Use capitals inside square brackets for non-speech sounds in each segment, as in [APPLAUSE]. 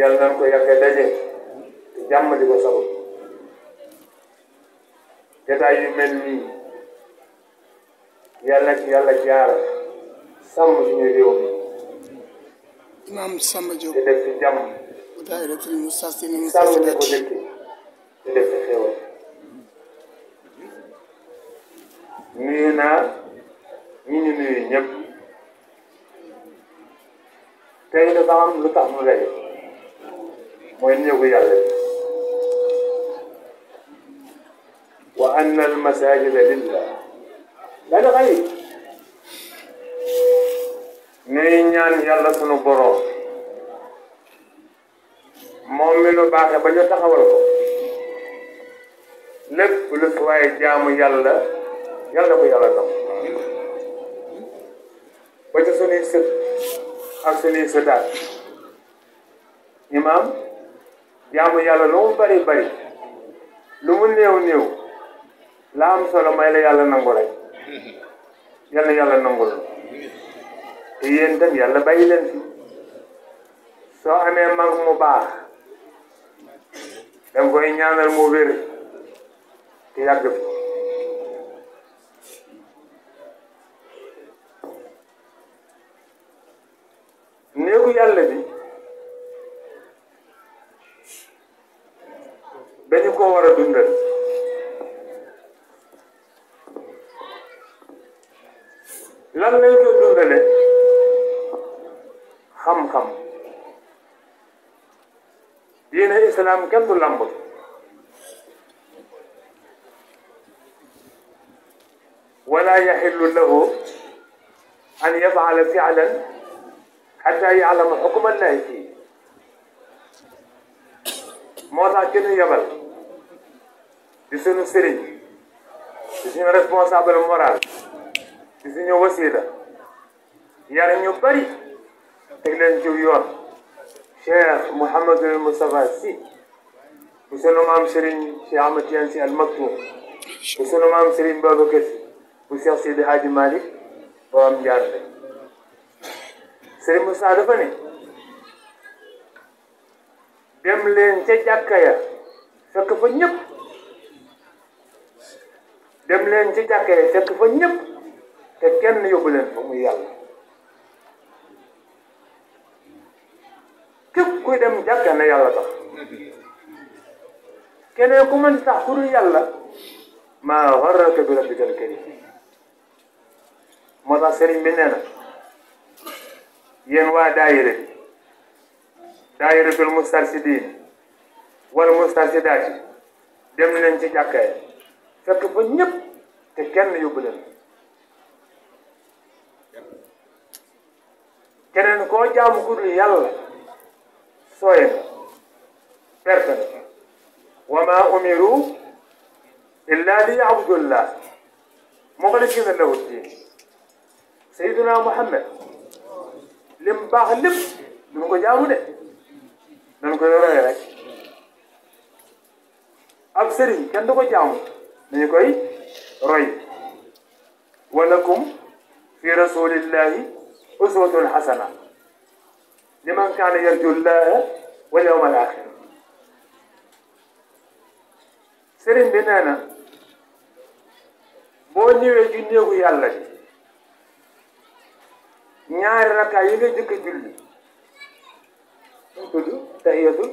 yàlla nañ ko yàgg a daje jàmm di ko sabu jotaay yu mel nii yàlla ci yàlla jaar sàmm suñu réew mi naam Samba Diop te def ci jàmm sàmm ñu def ci xéwal nuyu naa ñi ñu nuyu ñëpp tey dafa am lu tax mu وإن المساجد لله لا لغي نين يان يالله سنو برو مؤمنو باخي بجو تخولكو لك لسواي جام يالله يالله بو يالله تخول بجو سنو سنو سنو سنو سنو سنو jaamu yàlla lu mu bari bari lu mu néew néew la am solo may la yàlla nangu rek yal na yàlla nangul te yéen tam yàlla bàyyi leen fi soo amee mag mu baax danga koy ñaanal mu wér te yàgg السلام نعم، كم بلان بل ولا يحل له أن يفعل فعلا حتى يعلم حكم الله فيه موضع كن يبل بسنو سرين بسنو رسponsable المورال بسنو وسيلة يارنيو بري تقلن جو يور شيخ محمد المصطفى سي bu sunu maam Serigne Cheikh Ahmad Tidiane Sy Al Maktoum bu sunu maam Serigne Babacar Sy bu Cheikh Seydi Hadji Malick ba am njaar la Serigne Moussa dafa ne dem leen ca jàkka ya fekk fa ñëpp dem leen ca jàkka ya fekk fa ñëpp te kenn yóbbu leen fa muy yàlla képp kuy dem jàkka na yàlla tax keneen ku mën sax ku dul yàlla maa gharraka bi rabbikal karim moo tax sëriñ bi nee na yéen waa daayira bi daayiratul mustarsidiin wal mustarsidaati dem leen ci jàkka yi fekk fa ñëpp te kenn yóbbu keneen koo jaamu ku dul yàlla sooye perte وما أمروا إلا ليعبدوا الله مغلق من له الدين سيدنا محمد لم بغلب من قجامنا من قجامنا أبسرين كان دو قجام من قجام رأي ولكم في رسول الله أسوة حسنة لمن كان يرجو الله واليوم الآخر sëriñ bi nee na boo ñëwee ci néegu yàlla bi ñaari rakka yi nga jëkk julli mu tudd tahiyatul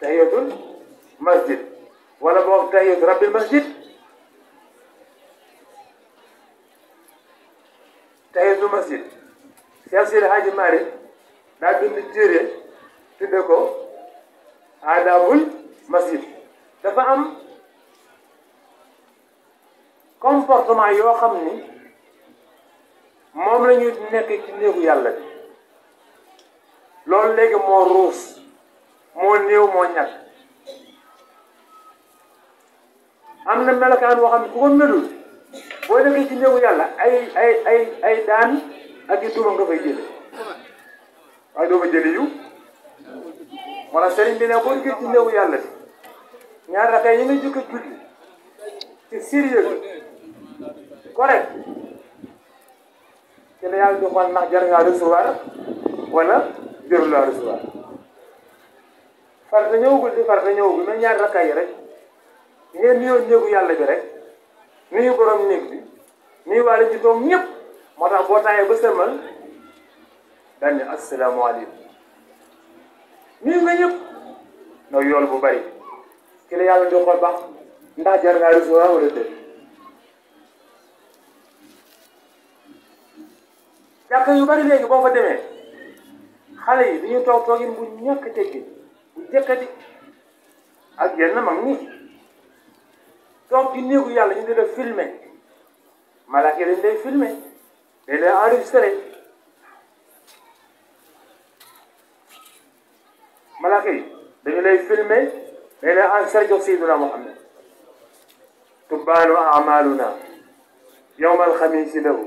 tahiyatul masjid wala boog tahiyatu rabbil masjid tahiyatu masjid Cheikh Sidi Mari daa bind téere tudde ko aadaabul مسجد دافا ام كومبورتمان يو خامني موم لا نيو نيك تي نيغو يالا لول ليغ مو روس مو نيو مو نياك امنا ملكان وخام كوكو ملول بو ديك تي نيغو يالا اي اي اي اي دان اكي تورو نغا فاي جيل اي دوما جيل يو ولا سيرين بي نيكو كي تي نيغو يالا دي ñaar rakka yi ñu jëkk julli ci sérieux correct ci yàlla di xool ndax jar ngaa recevoir wala jarul laa di farata ñëwagul mais ñaar rakka yi rek ngeen nuyoo néegu yàlla bi rek nuyu borom néeg bi nuyu waale ci doom moo tax boo taayee ba sëmal daan ne asalaamaaleykum nuyu nga ñëpp ndax yool bu bari ki la yàlla di xool baax ndax jar ngaa rus yu bari léegi boo fa demee xale yi du ñu toog toogin bu ñàkk teggi bu jëkkati ak yenn mag ñi toog ci néegu yàlla ñu di la filmé malaaka yi dañ lay filmé dañ lay enregistré malaaka yi dañu لأن الآن سجوا سيدنا محمد تبان أعمالنا يوم الخميس له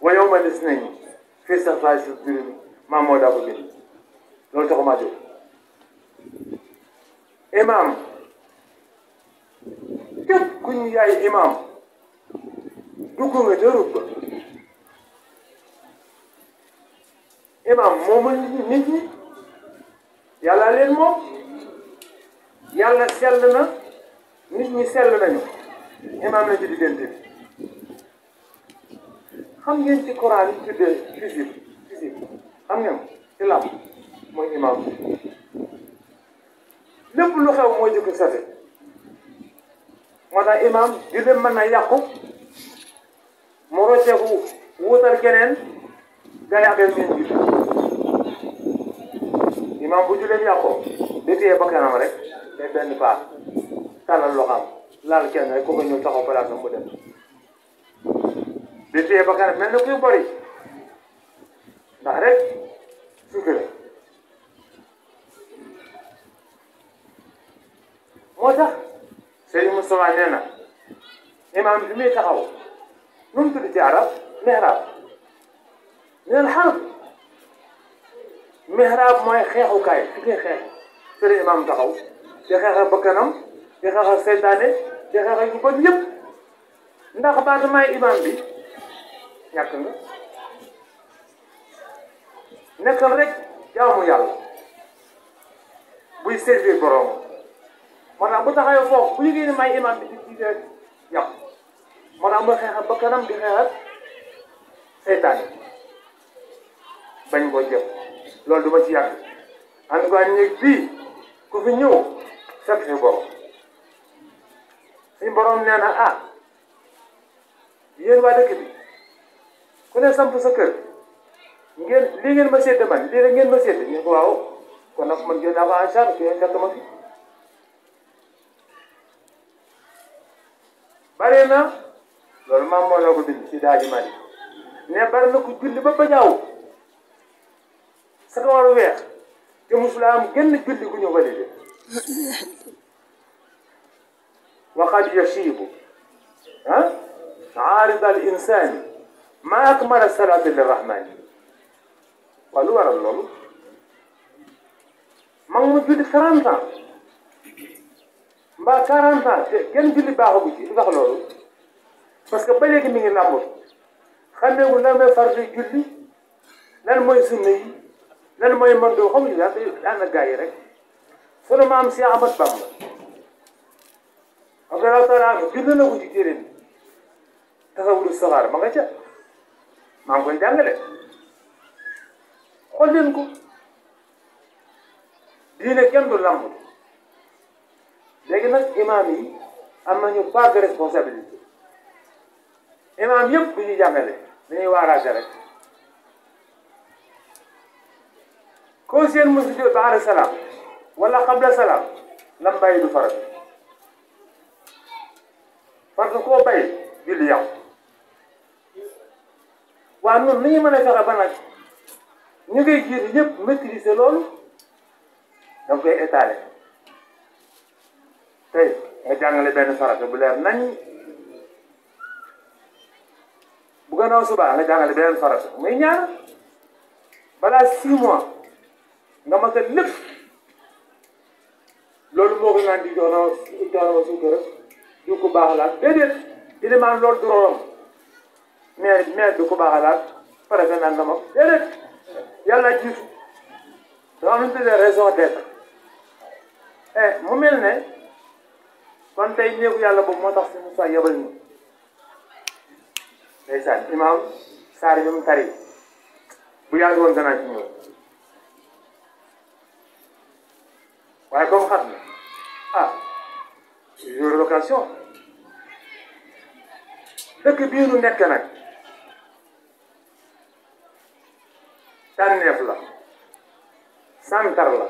ويوم الاثنين في صفاء الدين ما مولى بني لو تقوم أجل إمام كيف كن يا إمام دكتور جرب إمام مومن نجي يلا للموت يالا سلنا نيت ني سل نانيو امام لا جدي دنت خام نين سي قران تود فيزيك فيزيك خام نيم الا موي امام لب لو خاو موي ديكو سافي مودا امام يدم منا ياكو مروتيكو ووتر كينن غايا بن مين بي امام بوجو لم ياكو ديتي بكرام رك mais benn paa tàllal loxaam laal kenn rek ku ko ñëw taxaw place am ko dem di téye ba kanam mel na kuy bori ndax rek suukare moo tax Serigne Moustapha nee na imaam bi muy taxaw nu mu tudd ci arab mihraab nee na xarab mihraab mooy xeexukaay fi ngay xeex Serigne imaam taxaw di xeex ak bakkanam di xeex ak seytaane di xeex ak ñu bon yëpp ndax baatamaay imaam bi ñàkk nga nekkal rek jaamu yàlla buy servir borom moo tax bu taxawee foofu bu yëgee ne may imaam bi di ci yàpp moo tax mu xeex di xeex seytaane bañ koo jëm loolu du ci yàgg en tout cas bii ku fi ñëw teg ñu borom suñu borom neena ah yeen waa dëkk bi ku ne samp sa kër ngeen li ngeen ma sédd man li ngeen ma sédd ñu ko waaw kon nak man jël naa ko en charge ma fi bare na loolu ma mo la ko bind si daaji mali ne bar na ko julli ba bañaaw sa ya. ko waru a weex te musulaa julli ku ñu validé وقد يشيب ها عارض الإنسان ما أكمل السلام للرحمن قالوا رب لولو ما هو مجد سرانتا ما سرانتا جن جل باهو بيجي إذا خلولو بس كبلي كم يجي نامور خلنا نقول نام فرد جل نال ما يسمي نال ما يمرد خم يجي هذا أنا جاي رك sunu maam Cheikh Ahmad Bamba Abdoulaye Talla bind na ko ci téere bi tasawudu saxaar ma nga ca maa ngi koy jàngale xool leen ko diine kenn du lamb nag imaam yi am nañu part de responsabilité imaam yëpp du ñuy jàngale dañuy waaraate rek koo seen mosu jot ba salaam wala xabla salaam lam bàyyi du farat parce que koo bàyyi julli yàqu waaw ñun ni ñu mën a fexe ba nag ñu ngay jiitu ñëpp maîtriser loolu da nga koy étaler tey nga jàngale benn farata bu leer nañ bu gannaaw suba nga jàngale beneen farata muy ñaar balaa six mois nga mën lépp loolu moo ko naan di doonoo doonoo suukara du baax baaxalaat déedéet ilimaan loolu du rorom maire maire du ko baaxalaat préfet naan na ma déedéet yàlla jiitu dafa am lu ñu raison d'être eh mu mel ne kon tey néegu yàlla boobu moo tax suñu soo yebal ñu ndeysaan imaam saar bi mu tari bu yàgg woon danaa ci ñëw attention dëkk bii nu nekk nag tànneef la santar la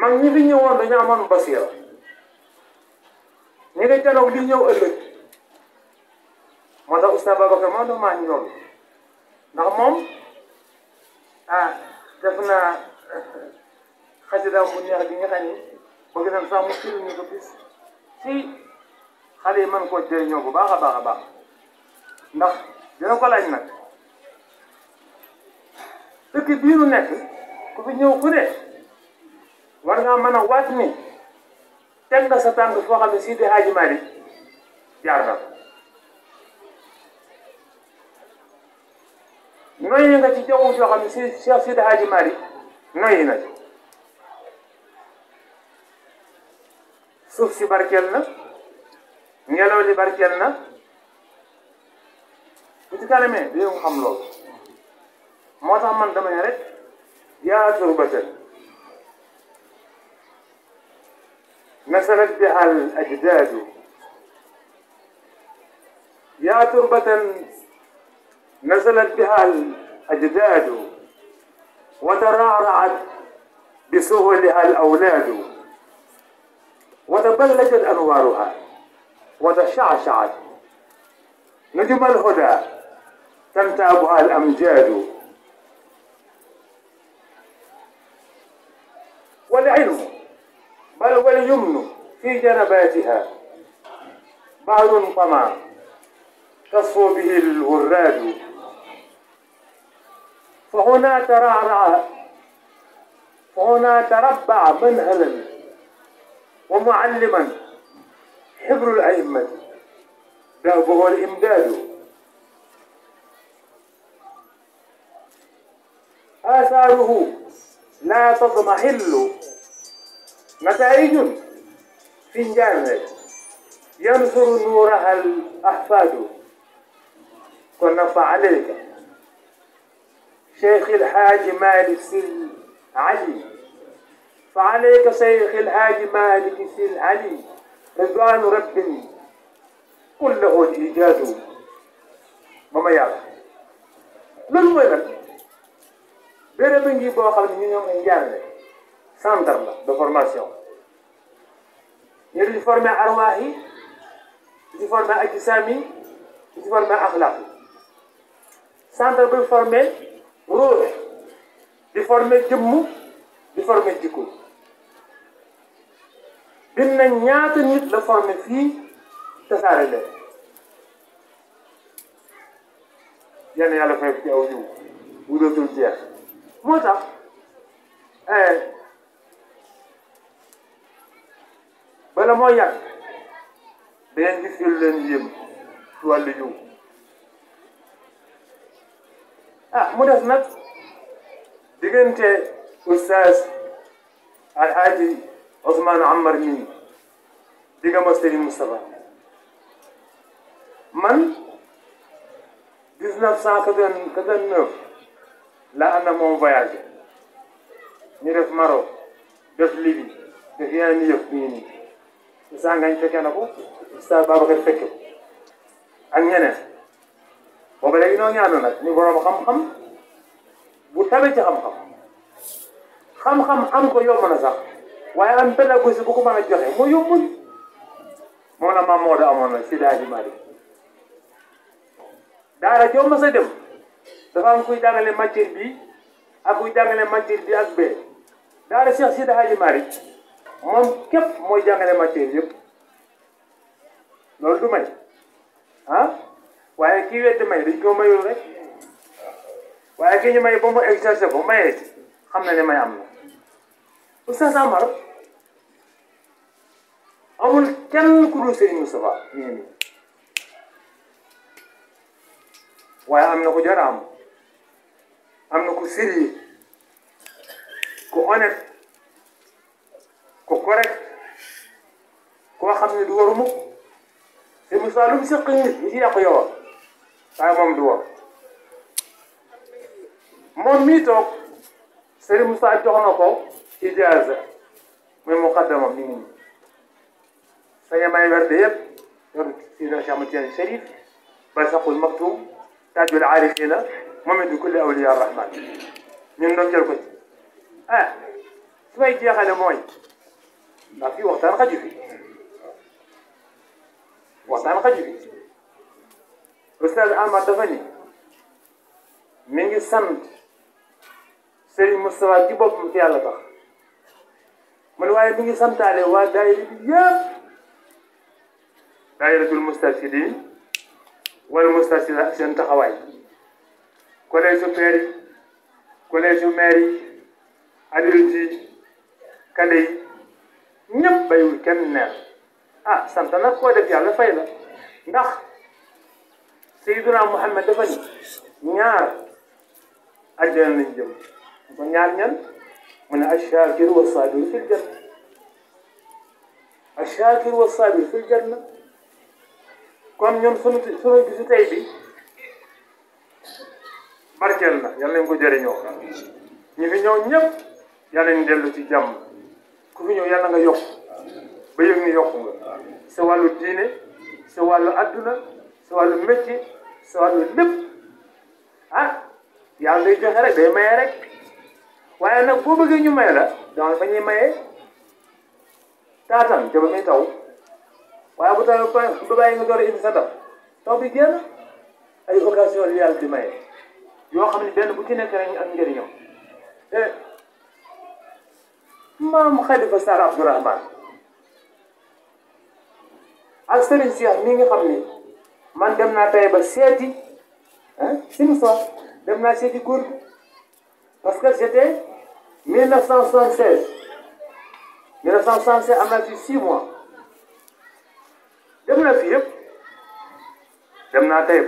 mag ñi fi ñëwoon dañu amoon basira ñi nga janoog di ñëw ëllëg moo tax Oustaz Babacar moo tax maa ñoom ndax moom ah def naa xasida bu neex bi nga ko gisan sax mu firi ñu ko bis si xale man mën koo jëriñoo bu baax a baax a baax ndax dina ko laaj nag dëkk bii nu nekk ku fi ñëw ku ne war ngaa mën na waat ni teg nga sa tànk foo xam ne Seydi Hadji Malick jaar na ko noyyi nga ci jaww joo xam ne Seydi Hadji Malick noyyi na ci سوف سي باركيالنا نيالو لي باركيالنا انت كلامي ديو خام لول موتا مان دا ماي ريك يا تربتك نسلت بها الاجداد يا تربة نزلت بها الأجداد وترعرعت بسهولها الأولاد وتبلجت أنوارها وتشعشعت نجم الهدى تنتابها الأمجاد والعلم بل واليمن في جنباتها بعد طمع تصفو به الوراد فهنا ترعرع فهنا تربع منهلا ومعلما حبر الأئمة ذهبه الإمداد آثاره لا تضمحل نتائج فنجان ينثر نورها الأحفاد ونفع عليك شيخ الحاج مالك علي فعليك شيخ الهادي مالك في العلي رضوان رب قل له الايجاد ماما يا لول موي نان بيرم نجي بو خا ني نيو نجار سانتر لا دو فورماسيون يري فورمي ارواحي دي فورمي اجسامي دي فورمي اخلاقي سانتر بو فورمي روح دي فورمي جمو دي فورمي ديكو bind nañ ñaata nit la formé fii tasaare leen yenn yàlla fay ci aw yiw bu dootul jeex moo tax eh, bala moo yàgg dangeen gis yu leen yëm ci wàllu yiw ah mu des nag diggante oustaz alhaaji عثمان عمر مين ديغا مستري مصطفى من 1989 لا انا مو فياج ني ريف مارو ديف ليبي ديف يان يف ميني سان غاني فيك انا بو سا بابا غير فيك اك نينا بابا لي نو نيا نو نات ني بروم خم خم بو تابي تي خم خم خم خم ام كو يوم انا صاح waaye am pédagogie bu ko mën a joxe moo yombul moom la maam Maodo amoon na si daal di Mali daara joo ma sa dem dafa am bi ak kuy jàngale bi ak bee daara Cheikh Sidi Hadji Malick moom képp mooy jàngale matière yëpp loolu du may ah waaye kii ko mayul ki ñu may ba mu exercer ko mayee Oustaz Amar amul kenn ku dul Serigne Moustapha ñeeni waaye am na ku jar am am na ku sérieux ku honnête ku correct koo xam ne du waru mukk Serigne Moustapha lu mu sëq nit ñi ci yàqu yow waaye moom du war moom mii toog Serigne Moustapha jox na ko إجازة من مقدمة مني سيا ما يرد يب يرد سيدا شامتين الشريف بس أقول مكتوم تاج إلى ممد كل أولياء الرحمن من نجر كنت آه سوى إجياء على موي ما في وقت أنا قد وقت أنا قد أستاذ عمر تفني من يسمت سيد مصطفى جيبوك من فيها لبخ man waaye mi ngi santaale waa daayira bi yëpp daayiratul mustarshidin wala mustarshida seen taxawaay collège su père yi collège su maire yi adulte yi kale yi ñëpp bayiwul kenn neex ah sant nag koo def yàlla fay la ndax Seydina Muhammad dafa ni ñaar àjjana lañ jëm ko ñaar ñan mu ne ash-shaakir wa saabir fil janna ash-shaakir wa saabir fil janna kon ñun sunu sunu gisu tey bi barkeel na yàlla nañ ko jëriñoo ñu fi ñëw ñëpp yàlla nañ dellu ci jàmm ku fi ñëw yàlla nga yokk ba yëg ni yokk nga sa diine sa adduna sa wàllu métier lépp ah yàlla day joxe rek day maye rek waaye nag boo bëggee ñu may la donc ba ñuy mayee taatan ca ba taw waaye bu taw ba bàyyi nga door a indi sa taw bi génn ay occasion li yàlla di maye yoo xam ni benn bu ci nekk rek ak njëriñam te maam Xalifa Sarr Abdourahman ak Serigne Cheikh mi nga xam ni man dem naa tey ba seeti ah si mu dem naa seeti góor gi Parce que j'étais 1976. 1976, on a fait 6 mois. Je me suis dit, je me suis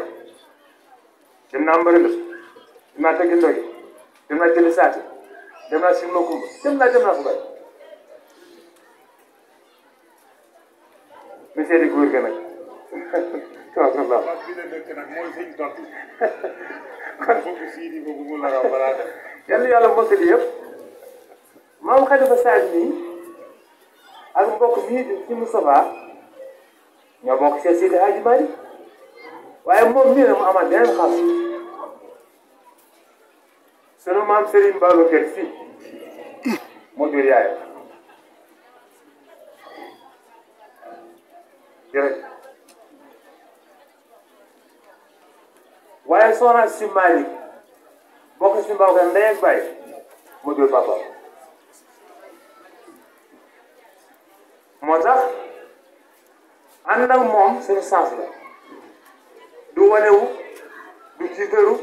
dit, je me suis dem naa tëggi ndogi dem naa jëli saati dem naa sim lokumba dem naa dem naa fu bari monsieur di góor ga nag tabaarkalla bi la dëkk nag mooy sëñ Tontu [LAUGHS] kon foofu sii di boobu mu la raw balaa def yal na yàlla mosali yëpp maam Xalifa Saad nii ak mbokk mii di ci Moustapha ñoo bokk Cheikh Sidi Hadji Malick waaye moom mii nag mu amaat beneen xas sunu maam Serigne Babacar Sy moo jur yaayam waaye soxna si Malick bokk ci mbokk ndey ak baay mu jur papa moo tax ànd ak moom suñu la du wanewu du tiitaru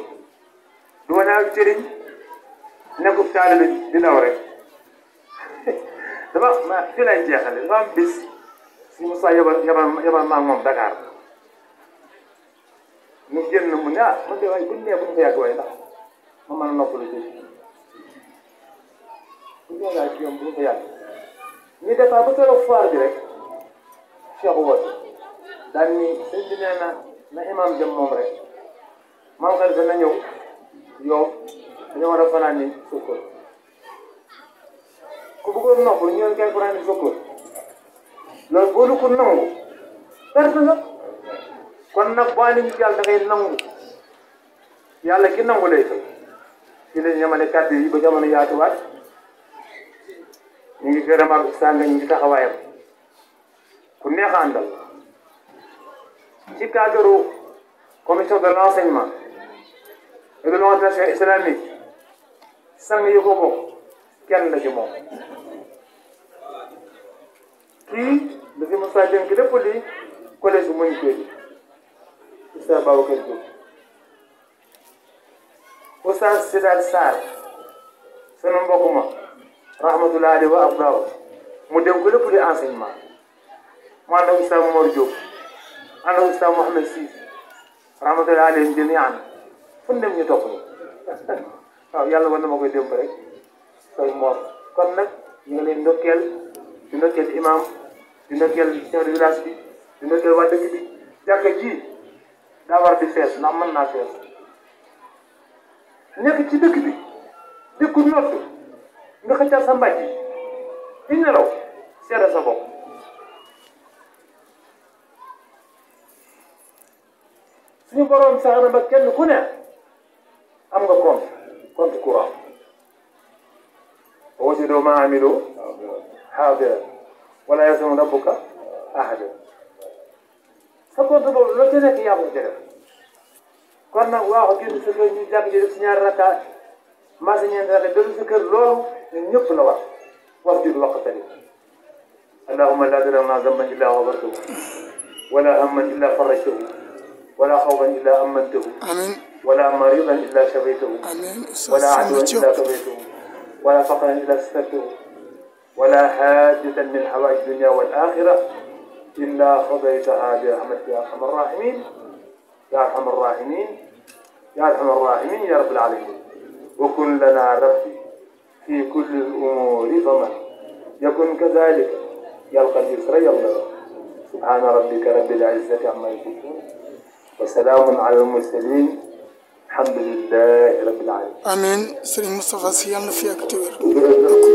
du wane ak cëriñ nekkub taalibe di daw rek [LAUGHS] dama ma fi lay jeexale dafa am bis si Moussa yabal yabal yabal maa moom Dakar ñu génn mu ne ah man de waaye buñ nee buñ fa yàgg waaye ma mën a noppalu ci bu bu ko yàgg ñu départ ba keroog foire bi rek Cheikh woote daan ni sëñ na na imam jëm moom rek maam xel dana ñëw yow dañoo war a fanaan ku bëggoon noppalu ñu ne kenn loolu boo du ko nangu perte la kon nag boo àndi ñu yàlla da ki nangu lay tëj. ci la ñamale yi ba jamono yaatuwaat ñu ngi gërëm ak sàng ñu ngi taxawaayam ku neex a àndal ci cadre commission de l'enseignement et de l'orientation islamique sang yu ko kenn la ci moom kii dafi mos a dénk lépp li collège bu muñ koy Oustaz Babacar Diop Oustaz Sidaat Sarr sunu mbokk ma rahmatullahi alayhi wa abdaaw mu dem ko lépp di enseignement mu ànd ak Oustaz Mor Diop ànd ak Oustaz Mouhamed Siis rahmatullahi alayhim jamiian fu dem ñu topp [LAUGHS] yàlla war na ma koy démb rek koy moor kon nag ñu ngi leen ndokkeel di ndokkeel imam ndokkeel chef bi di ndokkeel waa dëkk bi jàkka ji daa war di fees ndax naa fees nekk ci dëkk bi dëkku noddu nga xëccal sa mbàjj di nelaw seere sa bopp suñu boroom sax na ba kenn ku ne am nga compte compte courant wa wajadoo maa amilu xaadira wala yasum rabbuka ahada sa compte boobu loo ca nekk yaa ko ca def كنا واقفين سكوت نجاك جلسنا رتا ما سنين ذلك جلس كل لول نجوب نوا وقت الله قتلي اللهم لا ذر لنا ذنبا الا غفرته ولا هما الا فرجته ولا خوفا الا امنته ولا مريضا الا شفيته ولا عدوا الا قضيته ولا فقرا الا سترته ولا حاجة من حوائج الدنيا والآخرة إلا خضيتها برحمتك يا أرحم الراحمين يا أرحم الراحمين يا أرحم الراحمين يا رب العالمين وكن لنا ربي في كل الأمور ضمن يكن كذلك يلقى اليسر يلا سبحان ربك رب العزة عما يصفون وسلام على المرسلين الحمد لله رب العالمين آمين سيدي مصطفى سيامنا في اكتوبر